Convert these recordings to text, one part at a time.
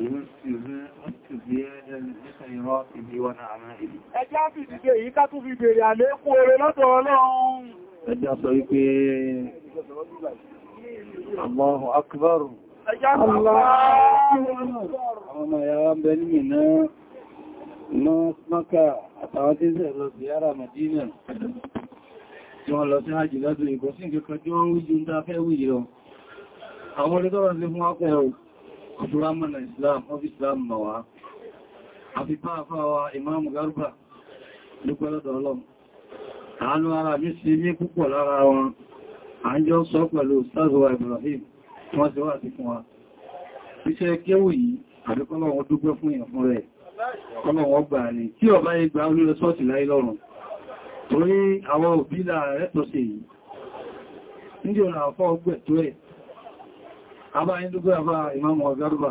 Ẹjá fi ìdíje yìí ká tún fi bèèrè àlékún oore lọ́dọ̀ Ọlọ́run. Ẹjá sọ wípé Allahu Akbar. Ẹjá sọ Allahu Akbar. Ọmọ ìyàwó Bẹ́lìmì náà, náà Maka àtàwọn tí ń sẹ̀ lọ sí yára Madina. Tí wọ́n lọ sí hajji lọ́dún ìgbọ́sí ìjọ ọdúnrámọ̀nà Islam of Islam mọ̀wá àfi pàápàáwà Imam Garba dúpẹ́lọ́dọ̀ ọlọ́m àánú ara mi sí ní púpọ̀ lára wọn à ń jọ sọ pẹ̀lú sáàzọwà Ibrahim wọ́n ti wá sí fún wa iṣẹ́ kéwù yìí àdúkọ́lọ́wọ́ dúpẹ́ fún èèyàn fún rẹ̀ ọlọ́wọ́ gbà ní tí ọba ìgbà olóòrẹ sọ́ọ̀tì láì àbá ìdúgbò àbá ìmáàmù ọ̀gárùbà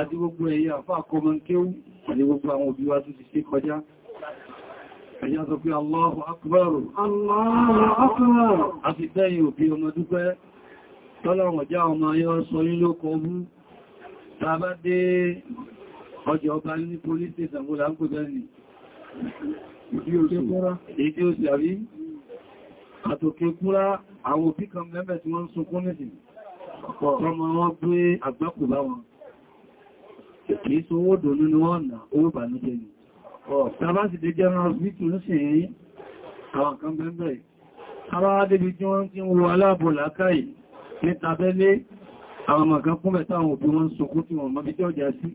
àti gbogbo ẹ̀yà àfá àkọmọ kéwú àti gbogbo àwọn òbí wa tó ti ṣe kọjá ẹ̀yà sọ pé Allahu Akbar Allahu Akbar àti tẹ́yìn òbí ọmọ dúpẹ́ tọ́lọ̀wọ̀n já ọmọ ayọ́ sọ nílòkọ ọmú tàbá dé ọjọ́ ọba ní police station bó láńkò bẹ́ẹ̀ni ìdí òsì àbí àtòkè kúrá àwọn òbí kan mẹ́mẹ́ tí wọ́n ń sunkún nìsìn ọmọ wọn gbé àgbákù bá wọn kìí sówó dòlú ni wọ́n nà owó ìbànújẹ́ ni tàbá sì dé general hospital ń sì rí àwọn kan bẹ́ẹ̀ tàbá débi tí wọ́n ti ń wo aláàbò làákàyè ní tabẹ́lé àwọn màkà kún mẹ́ta àwọn òbí wọn sọkún tí wọ́n mọ́bí tí ọjà sí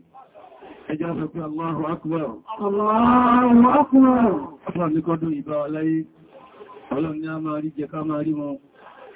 ẹjá sọ pé Allahu Akbar Allahu Akbar ọlọ́run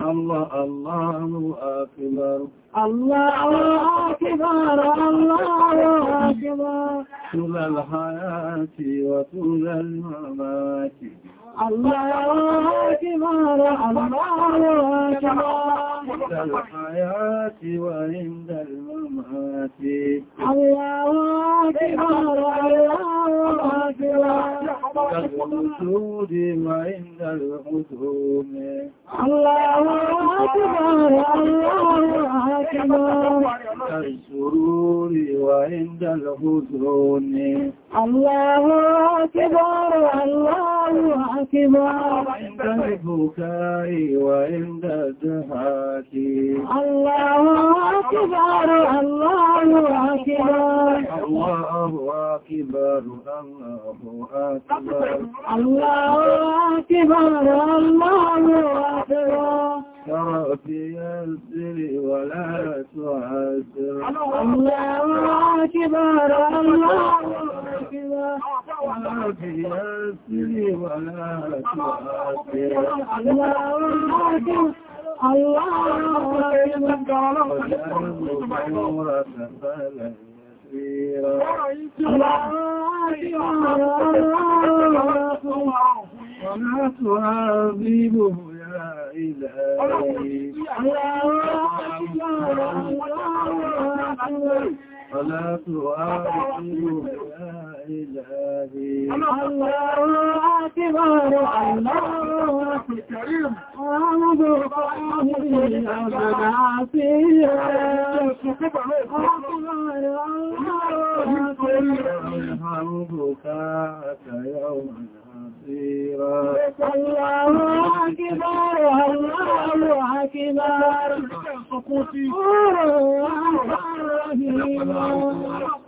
الله الله أكبر الله أكبر الله أكبر طول الحياة وطول الممات الله أكبر الله أكبر عند الحياة وعند الممات الله أكبر الله أكبر كالمسود وعند الحزون الله أكبر الله أكبر كالسرور وعند الحزون الله أكبر الله حكما عند البكاء وعند الزهات الله أكبر الله أكبر الله أكبر الله أكبر الله أكبر الله أكبر ترى في يسر ولا تعسر الله أكبر الله أكبر ولا تعذبه يا إلهي ولا تعذبه يا الهادي الله أكبر الله أكبر أعوذ بالله من العافية أكبر الله أكبر الحمدك يوم كثيرا الله أكبر الله أكبر الله أكبر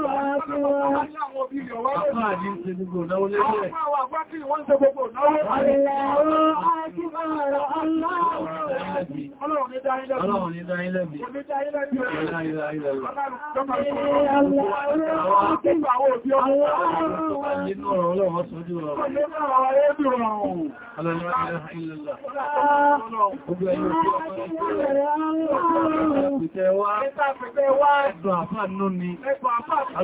Gbogbo àwọn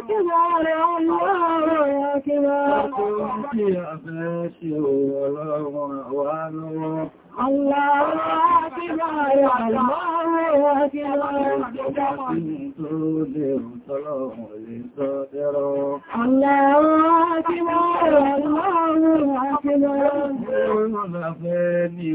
كبار الله أكبر كنت أفاشر ولا وعلى الله أكبر الله أكبر كنت أدر صلاة لصادر الله أكبر الله أكبر ومن أفاني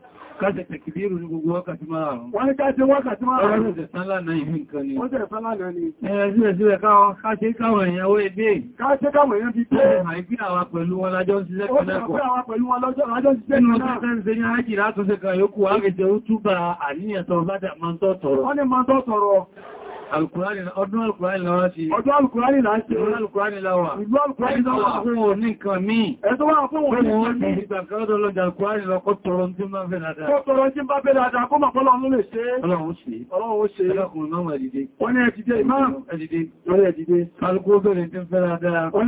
káṣẹ̀ tẹ̀kìdírù ní gbogbo wákàtí márùn-ún. Wọ́n ní káṣẹ̀ wákàtí márùn-ún. Ọ̀rọ̀ ìṣẹ̀sán lánàá ìhìn nǹkan ni. Ó jẹ́ ìṣẹ́ lánàá ni. Ẹ̀rẹ́ sílẹ̀ sílẹ̀ káwọn káṣẹ̀ káwọn èèyàn ó ebé. Káṣẹ̀ káwọn èèyàn ti tẹ́. Àìpín àwa pẹ̀lú wọn lájọ́ ń ṣiṣẹ́ kan lẹ́kọ̀ọ́. Ó jẹ́ àwa pẹ̀lú wọn lájọ́ ń ṣiṣẹ́ kan lẹ́kọ̀ọ́. Nínú ọ̀sán ṣe ní ájì látúnṣe kan yókù, á gẹ̀ẹ́jẹ̀ ó túbà àníyàn tọrọ bá dà máa ń tọ́ tọrọ. Wọ́n ní máa ń tọ́ Ọdún alùkùránì lọ́wọ́ ti. Ọdún alùkùránì láwà. Ọdún alùkùránì láwà. Ìlú alùkùránì láwà fún wọn ní nǹkan míì. Ẹ tó wà fún wọn ní nǹkan míì. Ìgbà kan tó lọ́jà alùkùránì lọ kó tọrọ tí bá fẹ́ dáadáa. Kó tọrọ tí bá fẹ́ dáadáa kó mọ̀ pọ́lọ́ ọlọ́run lè ṣe. Ọlọ́run ó ṣe. Ọlọ́run ó ṣe. Ẹlọ́kùnrin náà ẹ̀dìdé. Wọ́n ní ẹ̀dìdé ìmáà. Ẹ̀dìdé. Lọ́rẹ̀ ẹ̀dìdé. Alùkù obìnrin tí ń fẹ́ dáadáa. Wọ́n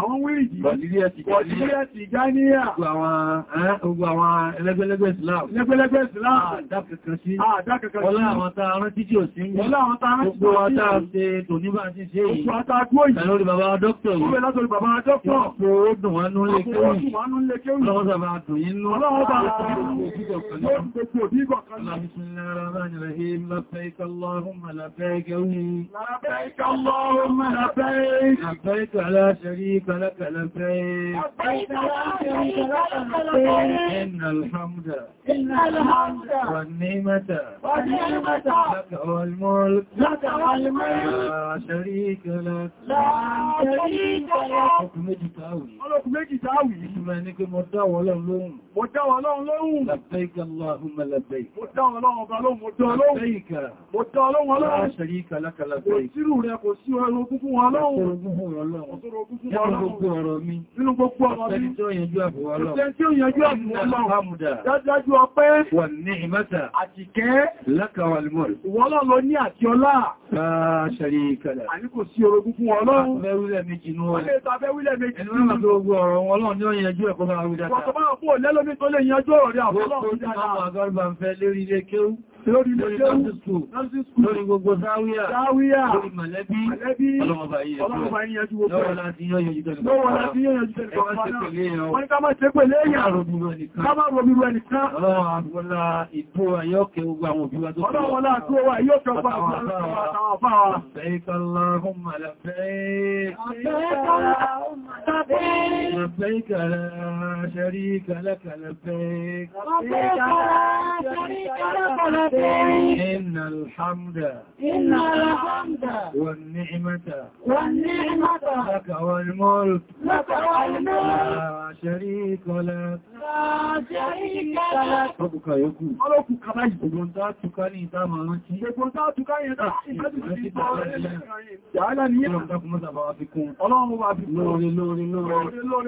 àwọn wíìdì Nàìjíríà ti gáníyà gbogbo àwọn ẹlẹ́gbẹ́lẹ́gbẹ́ Islam lẹ́gbẹ́lẹ́gbẹ́ Islam àdákankan ah, sí ah, ọlá àwọn ta rán títí ò sí gbogbo àtà ṣe tò níbà ti ṣe yìí lórí bàbá dókítà بسم الله الرحمن الرحيم لبيك اللهم لبيك لبيك اللهم لبيك لبيك لا شريك شريك لك لبيك لبيك لا شريك لك لبيك إن الحمد إن الحمد والنعمة والنعمة لك والملك لك والملك لا شريك لك لا شريك لك حكمك تاوي حكمك تاوي اسمانك مدعو لهم لهم مدعو لهم لهم لبيك اللهم لبيك مدعو لهم لهم مدعو لهم لبيك مدعو لهم لا شريك لك لبيك òṣìrù rẹ̀ kò sí ọlọ́gbùnkún ọlọ́run gbogbo ọ̀rọ̀ mi nínú gbogbo ọ̀rọ̀ mi ọ̀sẹ̀ tí ó yanjú àbúwọ́ ọlọ́run dájú ọpẹ́ wà ní ìmẹ́ta àti kẹ́ lẹ́kàwàlìmọ̀lù ìwọ́lọ́ lọ ní àti ọlá ṣàrí ìkàlẹ̀ àníkò sí orogún fún ọlọ́run mẹ́wílẹ̀ méjì ní wọ́n mẹ́wílẹ̀ méjì ní wọ́n gbogbo ọ̀rọ̀ wọn lọ́run ní ó yanjú ẹ̀kọ́ lórí lórí gbogbo záwíyà lórí mọ̀lẹ́bí ọlọ́mọba yìí ẹjú lọ́wọ́ láti yọ́yọ̀ jùlọ lọ́wọ́ láti yọ́yọ̀ jùlọ wọ́n ká máa ṣe pẹ̀lẹ̀ èyàn ká máa rọ̀bí rẹ̀ nìkan ọlọ́wọ́lá ìdó ayọ́kẹ́ gbogbo àwọn òbí wa tó ọlọ́wọ́lá tó wà yóò kẹ́ gbogbo àwọn àbá wa lẹ́ẹ̀kọ́lá لبيك لا شريك لك لبيك لبيك لا شريك لك لبيك إن الحمد إن الحمد والنعمة والنعمة لك والملك لك والملك لا شريك لك لا شريك لك ربك يكون ọlọ́kù kàbáyì gbogbo ta túká ní ìta máa rántí gbogbo ta túká yẹn ta ìgbàtí ti bọ́ ọ̀rẹ́ lẹ́yìn ìyàálà ní ẹ̀rọ ìtàkùnmọ́sàbà ọlọ́run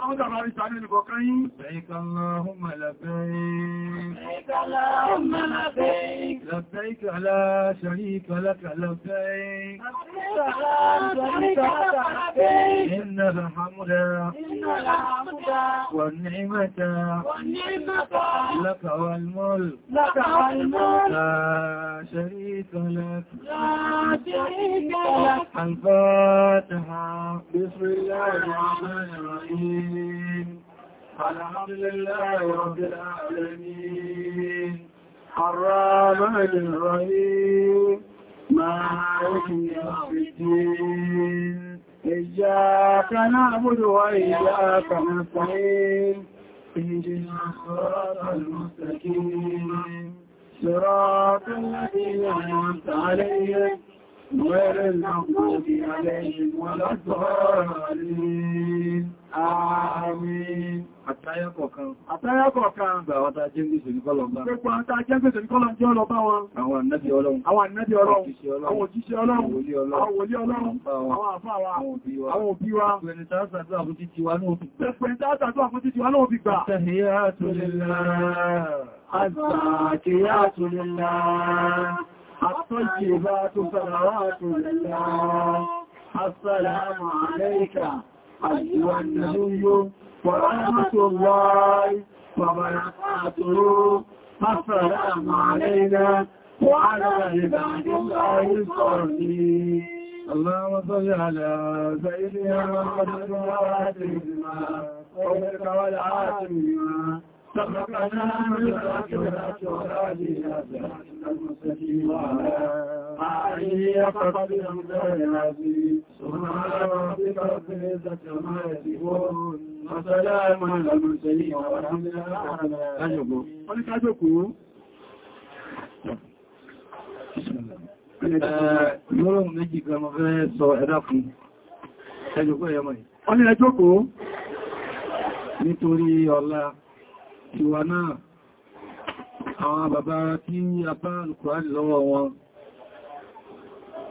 Ọlọ́mọ́ta máa rí sàánú ìlúkọ̀ kan yìí. Lẹ́yìnkà Allahumma labẹ́yìn. Lẹ́yìnkà Allahumma labẹ́yìn. Lẹ́yìnkà la sharika laka labẹ́yìn. Lẹ́yìnkà la sharika laka labẹ́yìn. Inna al-hamda. Inna al-hamda. Wan-ni'mata. Wan-ni'mata. Laka wal-mulk. Laka wal-mulk. La sharika laka. La sharika laka. Al-Fatiha. Bismillahir Rahmanir Rahim. العالمين الحمد لله رب العالمين الرحمن الرحيم مالك يوم الدين إياك نعبد وإياك نستعين اهدنا الصراط المستكين صراط الذين أنعمت عليهم غير المغضوب عليهم ولا الضالين آمين Àtàyàkọ̀ọ̀kan gbà wọ́n ta jẹ́ gbèsè ní kọ́lọ̀mbá. Gbogbo àwọn ta jẹ́ gbèsè ní kọ́lọ̀mbá ọlọ́bá wọn. Àwọn ànábì ọlọ́run. Àwọn ànábì ọlọ́run. Àwọn òjíṣẹ́ ọlọ́run. Àwọn wòlíì ọlọ́run. Àwọn àfáà wa. Àwọn òbí wa. Pẹ̀lú tàásàtọ́ àkútí ti wá náà fi gbà. Àtàhíyà tó lè lára. Àtàkìyà tó lè lára. الطيبات صلوات الله السلام عليك أيها النبي ورحمة الله وبركاته السلام علينا وعلى عباد الله الصالحين اللهم صل على سيدنا محمد وعلى آله وصحبه وسلم ربنا لك ولادنا المستقيم على علي قد أمدان العزيز سبحان ربك رب العزة عما يصفون وسلام على المرسلين والحمد لله على أجمعين Ìmọ́lọ́run méjì gan mọ́ fẹ́ sọ ẹ̀dá fún ẹjọ́gbọ́ ẹ̀yọmọ̀ yìí. Wọ́n ni ẹjọ́ kò nítorí ọlá tiwa náà àwọn bàbá tí a bá alùkùránì lọ́wọ́ wọn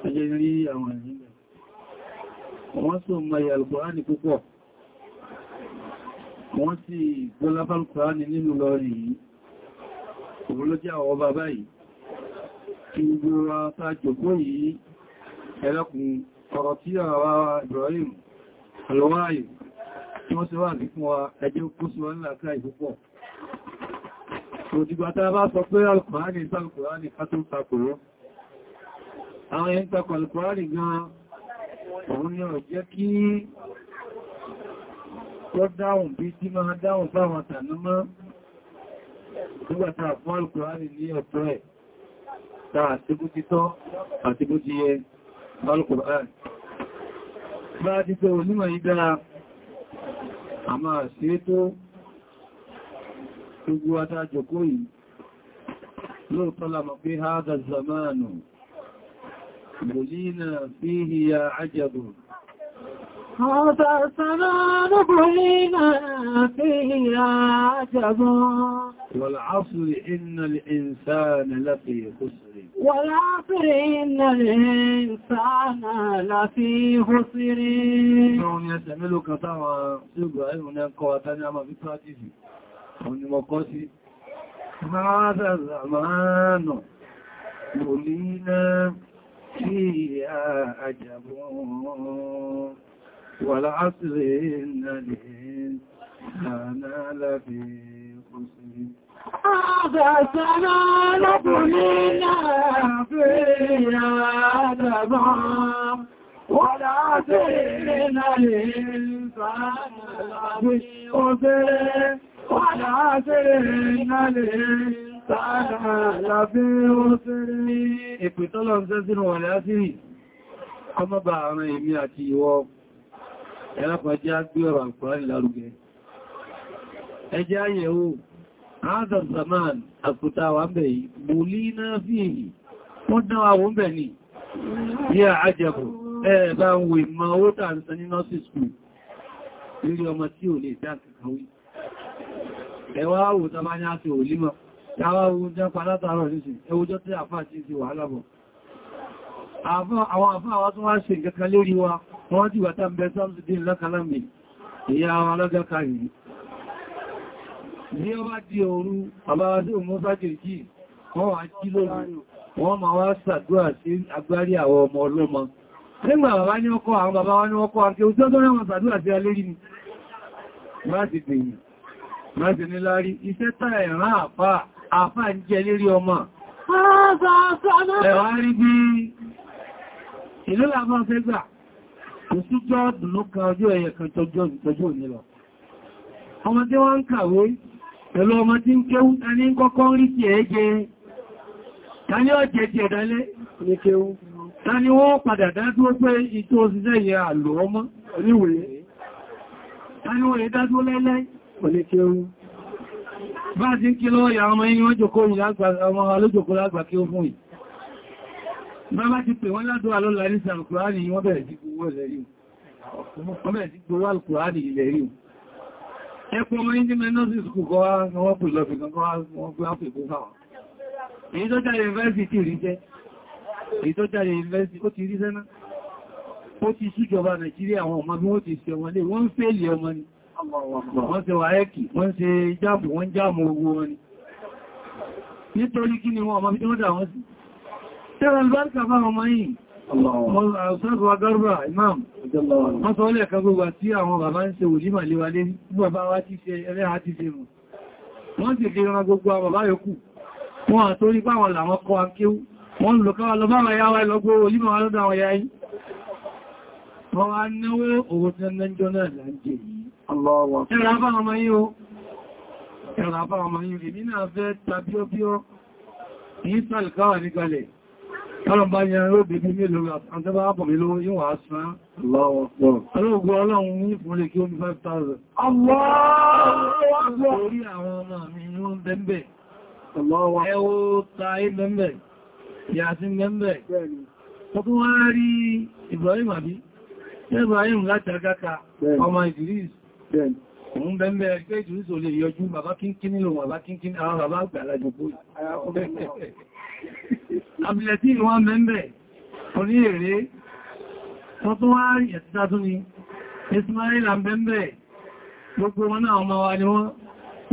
ẹjẹ́ rí àwọn ìrìnlẹ̀ wọ́n sì mọ̀yà alùkùránì púpọ̀ wọ́n sì gbọ́lábá alùkùránì nínú lọ́rin yìí òun ló bàbá yìí kí gbogbo ọ̀rọ̀ tí àwa Ibrahim òdìgbàtà bá sọ pé alkùnránì sálùkùnránì kátún takòrò àwọn ẹ̀yìn takò alkùnránì gan òun ni ọ̀jẹ́ kí tó dáhùn bí tí máa dáhùn fáwọn tànúmọ́ nígbàtà fún alkùnránì ní ọ̀tọ́ ẹ̀ ta àtíkútítọ́ àtíkútíyẹ alkùnránì bá ti tó onímọ̀ yí dára àmà sí tó gbogbo adájòkó yìí lóòtọ́ lámọ̀ pé hádà zamanu bùlínà fíhì ya ajabu hádà zamanu bùlínà fíhì ya ajabu والعصر إن الإنسان لفي خسر والعصر إن الإنسان لفي خسر onímọ̀kọ́ sí máa zàmánù mòlínà tí ìyá àjàbọ̀ wà láàásìrè nàlẹ̀ àná lábẹ̀ òsìrí Àbẹ̀sẹ̀rẹ̀ lọ́kùnrin náà fi àdàbọ̀ wọ́n láti ìrìnà lè ń fa àbí òṣèré. Ọmọba àwọn èmi àti ìwọ ẹ̀lápàá jẹ́ agbé ọ̀rọ̀ àkùnrin lárugẹ. Ẹjẹ́ àyẹ̀wò, Adam Zaman, àkùtà wà ń bẹ̀ yìí, Bùlí náà fi èyí, wọ́n dáwà wọ́n bẹ̀ ní, yẹ́ àjẹ̀bù, ẹ̀ẹ̀bá ń wè mọ́ ó tà ń sọ ní nọ́sì skùl, lórí ọmọ tí ò lè dá kàkàwí ẹwà tàbá ní àti òlímọ̀ tàbá owó jẹ́ palátàrọ̀ nísìn ẹwójọ́ tí àfá àti ti wà lábọ̀ àwọn àfá àwọn tó wá ṣe nǹkankan lórí wa wọ́n ti wà tàbí Samsudeen lọ́kàlámì nígbà bàbá ní ọkọ̀ àwọn bàbá wá ní ọkọ̀ àti òjò tó rẹ̀wọ̀n ṣàdúrà sí alérí ni láti gbèyìn máa ti nílárí iṣẹ́ tàà ẹ̀rán àfà àfà ń jẹ lérí ọmọ ẹ̀wà rí bí ìlú làmọ́ fẹ́ gbà kò sí jọ́ dùnú kan ọjọ́ ẹ̀yẹ kan tọjọ́ ìtọjọ́ òní lọ ọmọ tí wọ́n ń kàwé pẹ̀lú ọmọ tí ń kéwú tani ń kọ́kọ́ rí ti ẹ̀ jẹ tani ọ jẹ ti ẹ̀dálẹ́ ní kéwú tani wọ́n padà dádúró pé ìtò òṣìṣẹ́ yẹ àlò ọmọ oníwèé tani wọ́n yẹ dádúró lẹ́lẹ́ oníkéhún bá ti ń kí lọ́wọ́ ìyà ọmọ yìí wọ́n jòkó ọmọ alójòkó lágbà kí ó fún yìí bá bá ti pè wọ́n ládọ́ alọ́lá ní sàrùkùránì wọ́n bẹ̀rẹ̀ sí gbogbo alùkùránì ilẹ̀ rí ẹkùn ọmọ yìí ní nọ́sì skù kọ́ wọ́n pè lọ fìkan kọ́ wọ́n pè ápè kó fáwọn èyí tó jáde yunifásitì rí jẹ́ èyí tó jáde yunifásitì ó ti rí sẹ́ná ó ti ṣíjọba Nàìjíríà àwọn ọmọ bí wọ́n ti ṣe wọn lé wọ́n ń fẹ́lì ọmọ ni wọ́n ṣe wàẹ́kì wọ́n ṣe jáàbù wọ́n jáàmù owó wọn ni nítorí kí ni wọ́n ọmọ bí wọ́n wọ́n sí tẹ́rẹ albáríkà bá ọmọ yìí ọ̀sán wa imam wọ́n sọ lẹ́ gbogbo tí àwọn bàbá ń ṣe wòlímà léwalé gbogbo wọ́n wá náwó òwò tí wọ́n náà jẹ́ yìí Ẹ̀rọ àbá ọmọ yíò, ẹ̀rọ àbá ọmọ yíò, èmi náà fẹ́ tàbí ó bí ó, èyí tàbí káwà ní kalẹ̀. Ọlọ́run bá yẹn ró bèbí mélòó àtàbá àpọ̀ mi lówó yíò wà sán. Ọlọ́gbọ́ ọlọ́run ní ìfúnlé kí ó ní 5,000. Ọlọ́wọ́ orí àwọn ọmọ mi ní ó ń bẹ́m̀bẹ̀. Ẹwọ́ taí bẹ́m̀bẹ̀, Yàsín bẹ́m̀bẹ̀. Wọ́n tún wá rí Ibrahim àbí? Ibrahim láti Agáka, ọmọ Idris. Òun bẹ̀m̀bẹ̀ ẹgbẹ́ ìjúrísò lè yọjú bàbá kínkín nínú bàbá kínkín àwọn bàbá àgbàlagbò kó. Àbìlẹ̀tí ìlú wọn bẹ̀m̀bẹ̀ orí èrè, wọ́n tó wá rí ẹ̀tìta tó ní, Ismaila bẹ̀m̀bẹ̀ gbogbo wọn náà ọmọ wa ni wọ́n.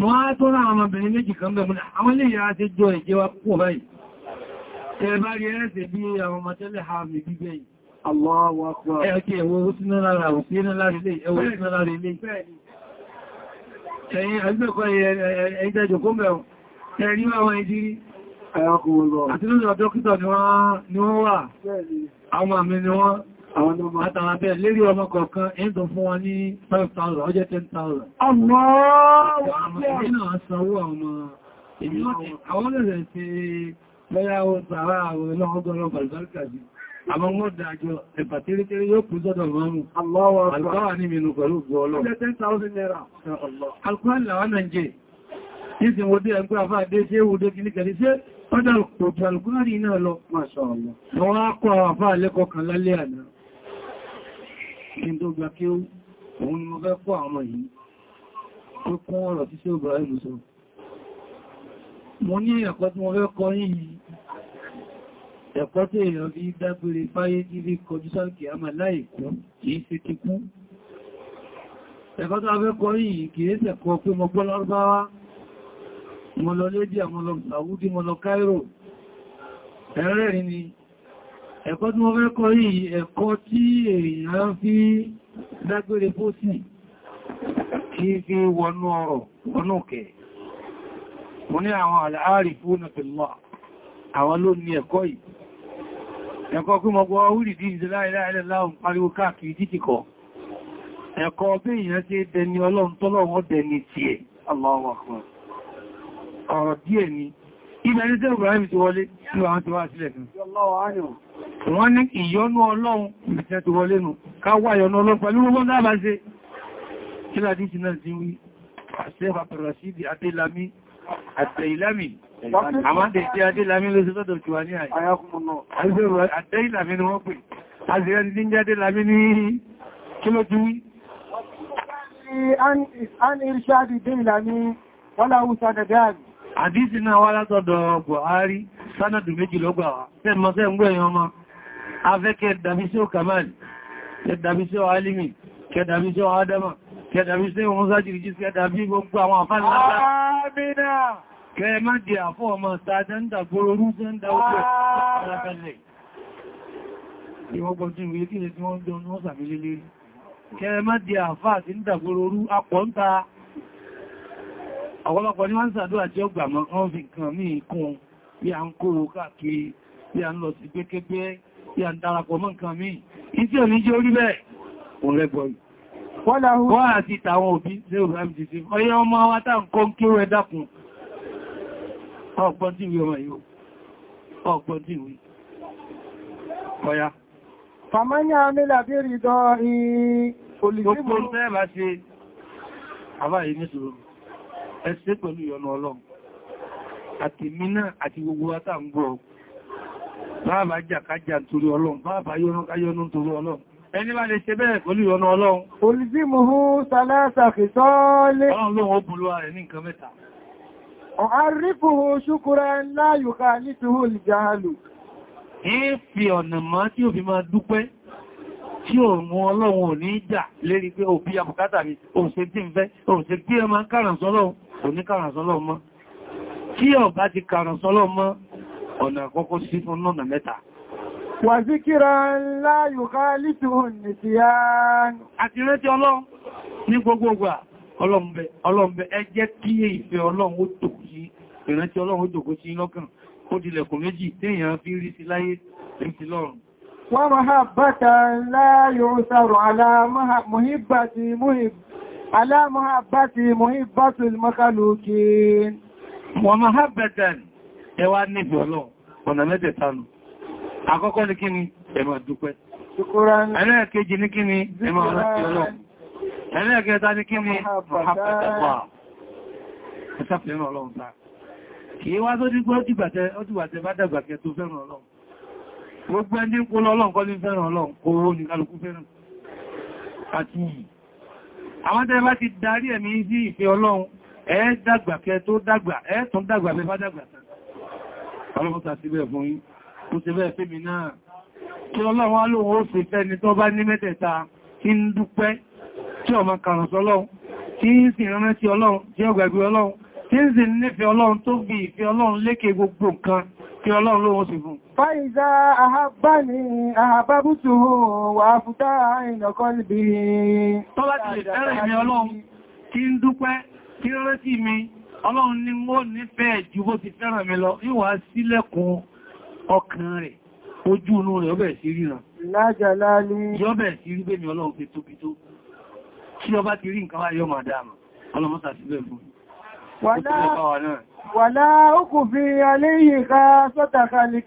Wọ́n á tó rá àwọn ọmọbìnrin méjì kan bẹ̀ múlẹ̀, àwọn ilé ìyá ti jọ ìjẹwa púpọ̀ báyìí. Ẹ bá rí ẹ̀ẹ́sẹ̀ bí àwọn ọmọ tẹ́lẹ̀ ha Allahu Akbar. Ẹ ọkẹ́ ẹ̀wọ̀ owó sínú lára àwọn sínú lára ilé, ẹwọ̀ sínú lára ilé. Ẹ̀yìn àgbẹ́kọ́ ẹ̀yìn jẹ́jọ kó mẹ́rún, ẹ̀rí àwọn ìdírí. Àti lórí ọdọ́kítọ̀ ni wọ́n wà, àwọn àmì ni wọ́n, àtàwọn abẹ́ lérí ọmọ kọ̀ọ̀kan, èyí tó fún wọn ní 5,000, ọjẹ́ 10,000. Ọmọ wọ́n! Àwọn ọmọ àwọn wọ́n dájọ́ ẹ̀bà tí ríkẹ́ yóò kú sọ́dọ̀ mọ́rún alùkáwà ní mìnú pẹ̀lú gbọ́ ọlọ́run Ọjọ́ òjò alùkúnrin náà lọ, Masha Allah. Wọ́n á kọ́ àwọn àfáà lẹ́kọ̀ọ́ kan lálẹ́ àná. Kí n tó gba kí ó, òun ni mo fẹ́ kọ́ àwọn yìí, tó kún ọ̀rọ̀ tí ní ẹ̀kọ́ tí mo fẹ́ kọ́ yìí ẹ̀kọ́ tí èèyàn bí dágbére fáyé tí bí kọjú sáàkì àmà láìkọ́ kìí sí ti kú ẹ̀kọ́ tó afẹ́kọ́ yìí kìí sẹ̀kọ́ pé mo gbọ́ lárúbáwá mo lọ lédí àmọ́ lọ Saudi mo lọ Cairo ẹ̀rẹ́rin ni ẹ̀kọ́ tí mo fẹ́ kọ́ yìí ẹ̀kọ́ tí èèyàn fi dágbére pósì kìí fi wọnú ọ̀rọ̀ wọnú kẹ̀ mo ní àwọn àlàárí fún àwọn ló ní ẹ̀kọ́ yìí ẹ̀kọ́ kí mọ gbọ́ orí dí ìdílá ìlàláhùn pariwo káàkiri títìkọ ẹ̀kọ́ bí èèyàn tí dẹni ọlọ́run tọ́lọ́run dẹni tí ẹ̀ ọ̀rọ̀ díẹ̀ ni ibẹ̀ ní tẹ́ Ibrahim ti wọlé tí wọ́n ti wá sílẹ̀ fún wọ́n ní ìyọnú ọlọ́run ìbìtẹ́ ti wọlé nù ká wá ìyọnú ọlọ́run pẹ̀lú gbogbo dábàá àtẹ̀ìlámì àwọn àtẹ̀ìtí adélámì ló sí lọ́dọ̀ tí wà ní àyè àtẹ̀ìlámì ni wọ́n pè àzìrẹ́ ní jáde lámì ní kí ló ti wí Àdísì náà wá látọ̀dọ̀ Buhari, sánàdù méjì ló gbà wá, tẹ́ mọ́ tẹ́ ń gbé ẹ̀yàn ọmọ, afẹ́kẹ́ dàbí sí ó Kamal, kẹ́ Alimi, kẹ́ dàbí Adama, kẹ́dàbí sí wọn sájìrì jí sí kẹ́dàbí gbogbo àwọn àfáàlá àmìnà kẹ́ má di àfọ́ ọmọ sàájẹ́ndà gbórórú jẹ́ndà ojú alákẹ́lẹ̀ ìwọ́gbọ̀n tí ìwé kí lè tí wọ́n jọ ní wọ́n sàmílé lérí kẹ́ má di àfá àti ń dàgbórórú apọ̀ ń ta ọ̀pọ̀lọpọ̀ ní wọ́n sàdúrà tí ó gbàmọ́ wọ́n fi nǹkan ní a ń kóró káàkiri a ń a ń darapọ̀ mọ́ nǹkan míì ìtí ò ní jẹ́ orí wọ́n àti tàwọn òbí 050 ọyẹ ọmọ wa tá ń kọ́ ń kí rẹ̀ dákun ọgbọ́n tí ìwé ọmọ yóò ọgbọ́n tí ìwé ọya fàmányà nílà bí rí dọ́ i olùgbọ́n tẹ́ bá ṣe àbáyé ní sọ̀rọ̀ ẹ̀ṣẹ́ pẹ̀lú ìyọnu ọlọ́run àti mínà àti gbogbo wa tá ń gbọ́ bàbá jàkájà nítorí ọlọ́run bàbá ẹni bá lè ṣe bẹ́ẹ̀ pẹ̀lú ọ̀nà ọlọ́run. olùsímuhu sàlẹ́sàkìtọ́lé ọlọ́run ó bùlúwà rẹ̀ ní nǹkan mẹ́ta. ọ̀hárífùhù ṣúkúrẹ́ ńlá yùká nítúhù ìjáàlù. ìfì ọ̀nà mọ́ tí ò fi máa dúpẹ́ tí òun ọlọ́run ò ní jà lérí pé òbí àbùkátà mi òun ṣe tí ń fẹ́ òun ṣe tí ẹ máa kàrànsọ́lọ́run sí fún náà mẹ́ta وذكرا لا يخالفه النسيان àti rántí Ọlọ́run ní gbogbo ìgbà Ọlọ́run bẹ Ọlọ́run bẹ ẹ jẹ́ kí ìfẹ́ Ọlọ́run ó tò yí ìrántí Ọlọ́run ó tòkó sí lọ́kàn ó dìlẹ̀kùn méjì téèyàn fi rí sí la yu'thar ala muhibbati muhibb ala mahabbati muhibbatul makhluqin wa mahabbatan ẹ wá nífẹ̀ẹ́ Ọlọ́run ọ̀nà mẹ́tẹ̀ẹ̀ta nù Àkọ́kọ́ ni kí ni ẹ máa dúpẹ́. Ẹlẹ́ẹ̀kejì ni kí ni ẹ máa rántí Ọlọ́run. Ẹlẹ́ẹ̀kẹta ni kí ni ọ̀hápẹ̀tẹ̀pà. Ẹ̀sàfẹ́ràn Ọlọ́run ta. Kì í wá tó dípẹ́ ó dìgbàtẹ́ bá dàgbàkẹ́ tó fẹ́ràn Ọlọ́run. Gbogbo ẹni kó lọ́lọ́run kọ́ ní fẹ́ràn Ọlọ́run kó ní kálukú fẹ́ràn. Àti yìí. Àwọn tẹ́ bá ti darí ẹ̀mí sí ìfẹ́ Ọlọ́run, ẹ dàgbàkẹ́ tó dàgbà, ẹ tún dàgbà bẹ bá dàgbà. Ọlọ́run ta síbẹ̀ fún yín mo ti bẹ́ẹ̀ fẹ́mi náà kí ọlọ́run alóhun ó sì fẹ́ni tó bá ní mẹ́tẹ̀ẹ̀ta tí ń dúpẹ́ tí ọmọ kàrùnsọ́ ọlọ́run àhábábútù wà fúta ìnàkọ́ níbi tí ń dúpẹ́ tí mi ọlọ́run ni wọ́n nífẹ̀ẹ́ ju bó ti fẹ́ràn mi lọ yíwá sílẹ̀kùn ọkàn rẹ̀ ojú inú rẹ̀ ọbẹ̀ sí ríran lájàlá ní yọ́bẹ̀ sí rí bẹ́mi ọlọ́run fi tóbi tó kí ọba ti rí nǹkan wáyọ́ máa dáàmà ọlọ́mọ́sà síbẹ̀ fún wàlá òkú fi aléyìn ká sọ́tàkà ní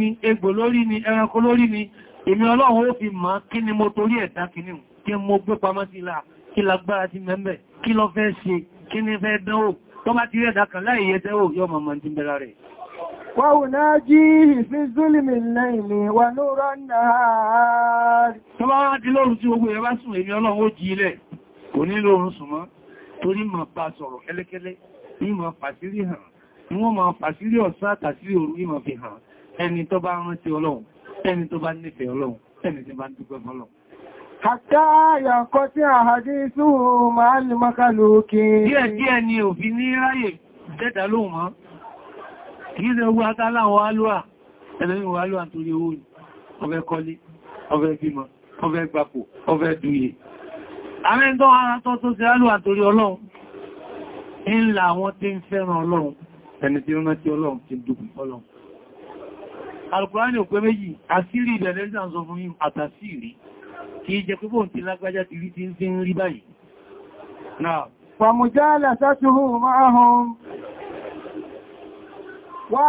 ni egbò ni ẹranko ni èmi ọlọ́run ó fi máa kí ni mo torí ẹ̀dá kìíní kí mo gbé pamọ́ sí kí ni fẹ́ dánwò tó bá ti rẹ̀dà kan láì yẹ tẹ́wò yọ mọ̀mọ̀ tí bẹ̀rẹ̀ rẹ̀ wọ́n náà jí ìfí zúlìmì lẹ́ìní wà lóòrọ̀ náà tó bá wá ti lóòrùn tí gbogbo ẹ̀bá sùn èmi ọlọ́run ó jí ilẹ̀ kò ní lóòrùn sùn mọ́ torí ma bá sọ̀rọ̀ kẹ́lẹ́kẹ́lẹ́ Àtá yàkọ́ tí a hàdí súhù máa lè makalókè. Díẹ̀ díẹ̀ ni òfin ní ráyè dẹ́ta lóhùn mọ́. Kìí ṣe owó atáláwọ̀ alúwà, ẹlẹ́yìn wà alúwà torí owó ni, ọfẹ́ kọlé, ọfẹ́ bímọ, ọfẹ́ gbapò, ọfẹ́ dúye. Àmẹ́ tó ara tọ́ tó ṣe alúwà torí ọlọ́run, kì í jẹ púpọ̀ tí lágbájá ti rí tí ń fi ń rí báyìí náà fàmùjálà sátúhù máàhùn wá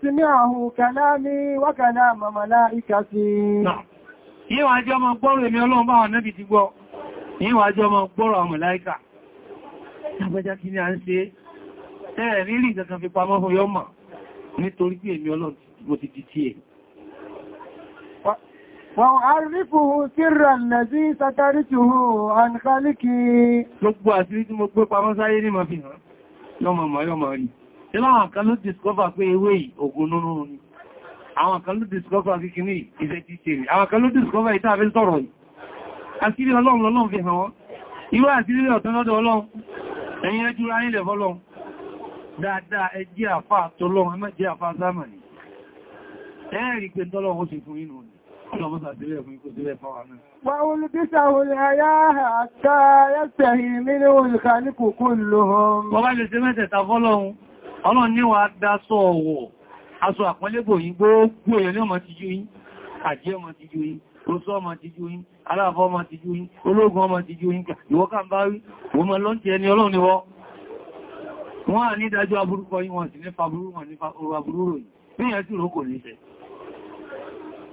sí ní àhùn kàlámi wákàlá màmàlá ìkàsí yíwà jọ mọ gbọ́rọ̀ èmi ọlọ́run bá wọn nẹ́bì ti gbọ́ yíwà jọ mọ gbọ́rọ̀ àwọn màláíkà lágbájá kí ni a ń ṣe ẹ̀rẹ̀ rírì kankan fi pamọ́ fún yọ́mà nítorí pé èmi ọlọ́run mo ti di tí ẹ̀ وأعرفه سرا الذي سترته عن خالقي gbogbo àṣírí tí mo gbé pamọ́ sáyé ní ma fi hàn yọmọ mọ̀ yọmọ rí tí láwọn kan ló discover pé ewé ògùn nínú ni àwọn kan ló discover kíkíní ìṣẹ́ ti ṣe rí discover ìta àfẹ́ sọ̀rọ̀ yìí àṣírí ọlọ́run lọ́lọ́run fi hàn wọ́n irú àṣírí ọ̀tán lọ́dọ̀ ọlọ́run ẹ̀yìn ẹjú ra nílẹ̀ fọ́lọ́run dáadáa ẹjí àfáà tọ́lọ́run ẹmẹ́jẹ́ àfáà Wàhùlùbísàhùl àyáhà ká yẹ́sẹ̀hì nínú olùkà ní kòkó lòhùn. Bọ́bá lè ṣe mẹ́tẹ̀ta fọ́lọ́hun, ọlọ́run ní wà dáṣọ ọ̀wọ̀, aṣọ àpọ́nlébò yìí gbogbo èèyàn ní ọmọ ti jú yín, àjẹ́ ọmọ ti jú yín, oṣọ́ ọmọ ti jú yín, aláàfọ́ ọmọ ti jú yín, ológun ọmọ ti jú yín,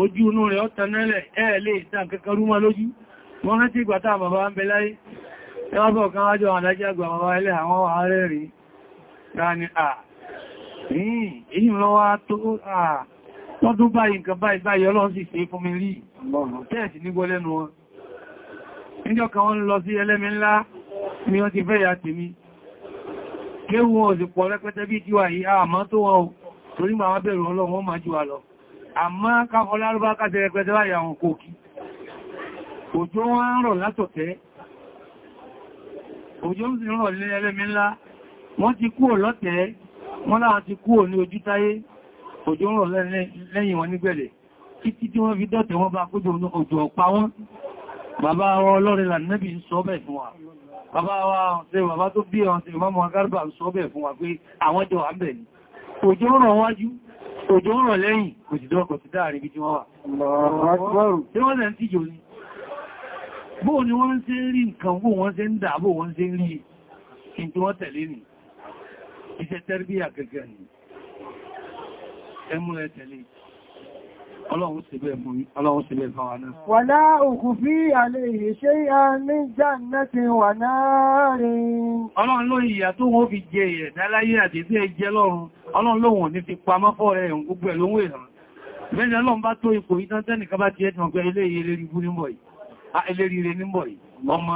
ojú inú rẹ̀ ọ́ tanẹ́lẹ̀ ẹ̀ẹ́lẹ́ ìtàn kẹkẹrú mọ́ lójú wọ́n rántí ìgbà táà bàbá ń bẹ láyé ẹwàbọ̀ kan wájọ́ àdájá àgbà bàbá ilé àwọn ààrẹ rí dáni à èyí lọ́wọ́ tọ́dún báyìí nǹkan báyìí báyìí ọlọ́run sì ṣe fún mi rí tẹ́ẹ̀sì nígbọ́ lẹ́nu wọn níjọ́ kan wọ́n lọ sí ẹlẹ́mi ńlá ni wọ́n ti fẹ́ ya tèmi kéwọ́n òsìpọ̀ rẹpẹtẹ bí tíwà yìí àmọ́ tó wọn torí ma wá bẹ̀rù ọlọ́run wọ́n máa jù wà lọ àmá káfọlárúbá káṣẹ rẹpẹtẹ láyé àwọn kòkí òjò wọ́n ń rọ̀ látọ̀tẹ́ òjò ń sì rọ̀ lé ẹlẹ́mi ńlá wọ́n ti kúrò lọ́tẹ́ wọ́n láwọn ti kúrò ní ojú táyé òjò ń rọ̀ lẹ́yìn wọn nígbẹ̀lẹ̀ títí tí wa ọlọ́rin lànàbì ń sọ bẹ́ẹ̀ fún wa bàbá wa ṣe bàbá tó òjò ń rọ̀ lẹ́yìn kò sì dọ́kọ̀ sí dáàrí bí tí wọ́n wà tí wọ́n lẹ́ ń tíjò ní bó ni wọ́n ń ṣe rí nǹkan bó wọ́n ṣe ń dà bó wọ́n ṣe ń rí kí tí wọ́n tẹ̀lé ní iṣẹ́ tẹ́rbíyà gẹ́gẹ́ ni ẹmú tẹ̀lé Ọlọ́run sì bẹ́ẹ̀ fún mi, Ọlọ́run sì bẹ́ẹ̀ òkú fí àlè ìṣẹ́ àmì jàǹdàtì wà náà Ọlọ́run ló ìyà tó wọ́n fi jẹ ẹ̀dá láyé àti tí ẹ jẹ lọ́run, Ọlọ́run lóhun ní fi pamọ́ fọ́ rẹ̀ ń bọ̀ ah, yìí, ọmọ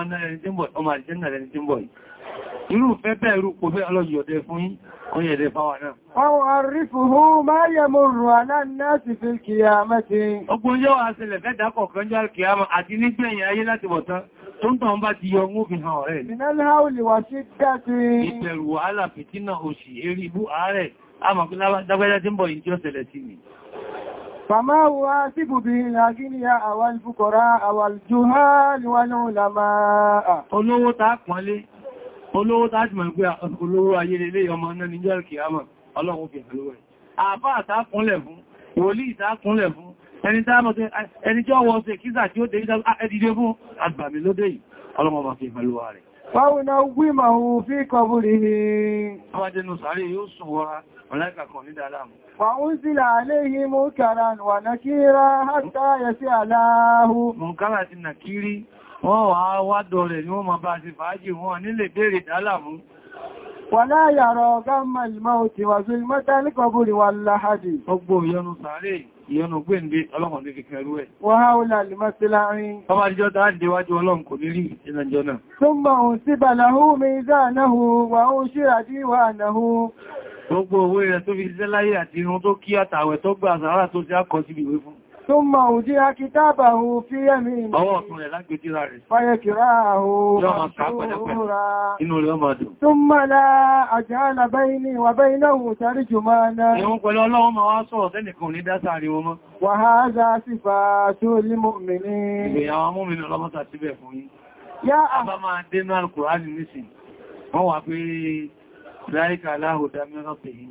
àdìjẹ́ irú fẹ́bẹ̀ irú kò fẹ́ ọlọ́yọ̀dẹ̀ fún yí ọyẹ̀dẹ̀ fáwà náà. Fáwọn àrífùhú máa yẹ mo rù aláàrínà sí fi kìyàmẹ́ ti. Ogun yóò àṣẹlẹ̀ fẹ́ dákọ̀ kọjọ́ kìyàmẹ́ àti nígbẹ̀yìn ayé láti wọ̀tán tó ń tàn bá ti yọ mú fi hàn ọ̀rẹ́. Ìbẹ̀rù wàhálà fìtínà òṣì erí ibú ààrẹ, a mọ̀ Olówó ta pọ́nlé, olówó tàbí ma gbé olówó ayérelé ọmọ náà ní jẹ́ kìíyàmà ọlọ́run fi àlúwẹ̀ àbá àtàkúnlẹ̀ fún wòlí ìtàkúnlẹ̀ fún ẹni tí ó wọ́n ṣe kíza tí ó dé ah, ìdíje fún àgbàmì lóde yìí ọlọ́run bá fi àlúwà rẹ̀ Fáwọn agbímọ̀ ohun fi kọbúrí ni. Àwájẹnu sàárè yóò sùn wọ́ra, ọ̀láìkà kan ní dáadáa. Fàún sílà aléhìí mú kàrà wà náà hátà yẹ sí àláhù. Mùkárà ti nà wọ́n wà wádọ̀ rẹ̀ ni wọ́n ma bá ti fàájì wọn nílé bèèrè dálàmú wà láyàrọ̀ gámà ìmá òtì wà sí mẹ́ta níkọ̀bùrì wà láhàdì ọgbọ̀ ìyọnu sàárè ìyọnu gbẹ̀ǹdé ọlọ́run lè fi kẹrú ẹ̀ wà áwùlà lèmọ́sí láàrin ọmọ àdíjọ́ dáadéwájú ọlọ́run kò ní rí ìlànjọ́ náà tó mọ̀ òun sí bàláhù mi záànáhù wà ó ṣíradí wà náhù gbogbo owó rẹ̀ tó fi ṣiṣẹ́ láyé àti irun tó kí àtàwẹ̀ tó gbà sàárà tó ti á kọ síbi ìwé fún ثم أودع كتابه في يمينه فيكراه مشهورا ثم لا أجعل بيني وبينه ترجمانا وهذا صفات المؤمنين يا أبا Wọ́n wà pé láìkà aláhùdá mẹ́rọ̀ pèyìn.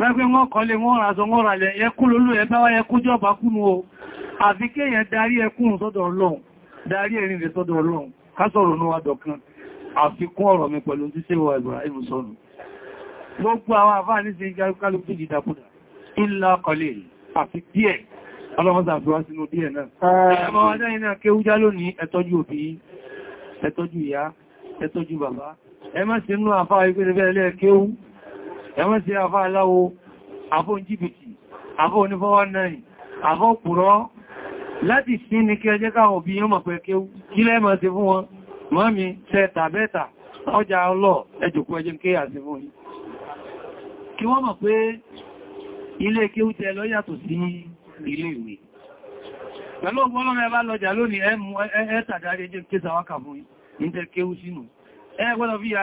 Rẹ́gbẹ́ wọ́n kọlé wọ́n ràzọ wọ́n ràlẹ̀ ẹkú lólú ẹgbá wá ẹkú jọba kúnú o. Àfi kéèyàn darí ẹkún sọ́dọ̀ Ọlọ́run, darí ẹ̀rin rẹ̀ sọ́dọ̀ Ọlọ́run, ká sọ̀rọ̀ ní wádọ̀ kan. Àfikún ọ̀rọ̀ mi pẹ̀lú tí ṣe wà Ibrahim sọ́nù. Gbogbo àwọn àfáà ní sí kálukú ìdàkúdà, ìlà kọlé, àfi díẹ̀ ọlọ́mọ́sà àfíwá sínú díẹ̀ náà. Ẹmọ Ẹ ẹ̀wọ́n sí afá aláwo afó jìbìtì afó onífọ́wọ́nẹ́rìn afó pùrọ́ láti sí ní kí ẹjẹ́ káwọn òbí yán mọ̀ pé kí lẹ́mọ̀ sí fún wọn mọ́mí tẹ́ta bẹ́ta ọjà ọlọ́ ẹjùkú ẹjẹ́ kí à sí fún yí kí wọ́n mọ̀ pé ilé kí ó tẹ lọ yàtọ̀ sí ilé ìwé pẹ̀lú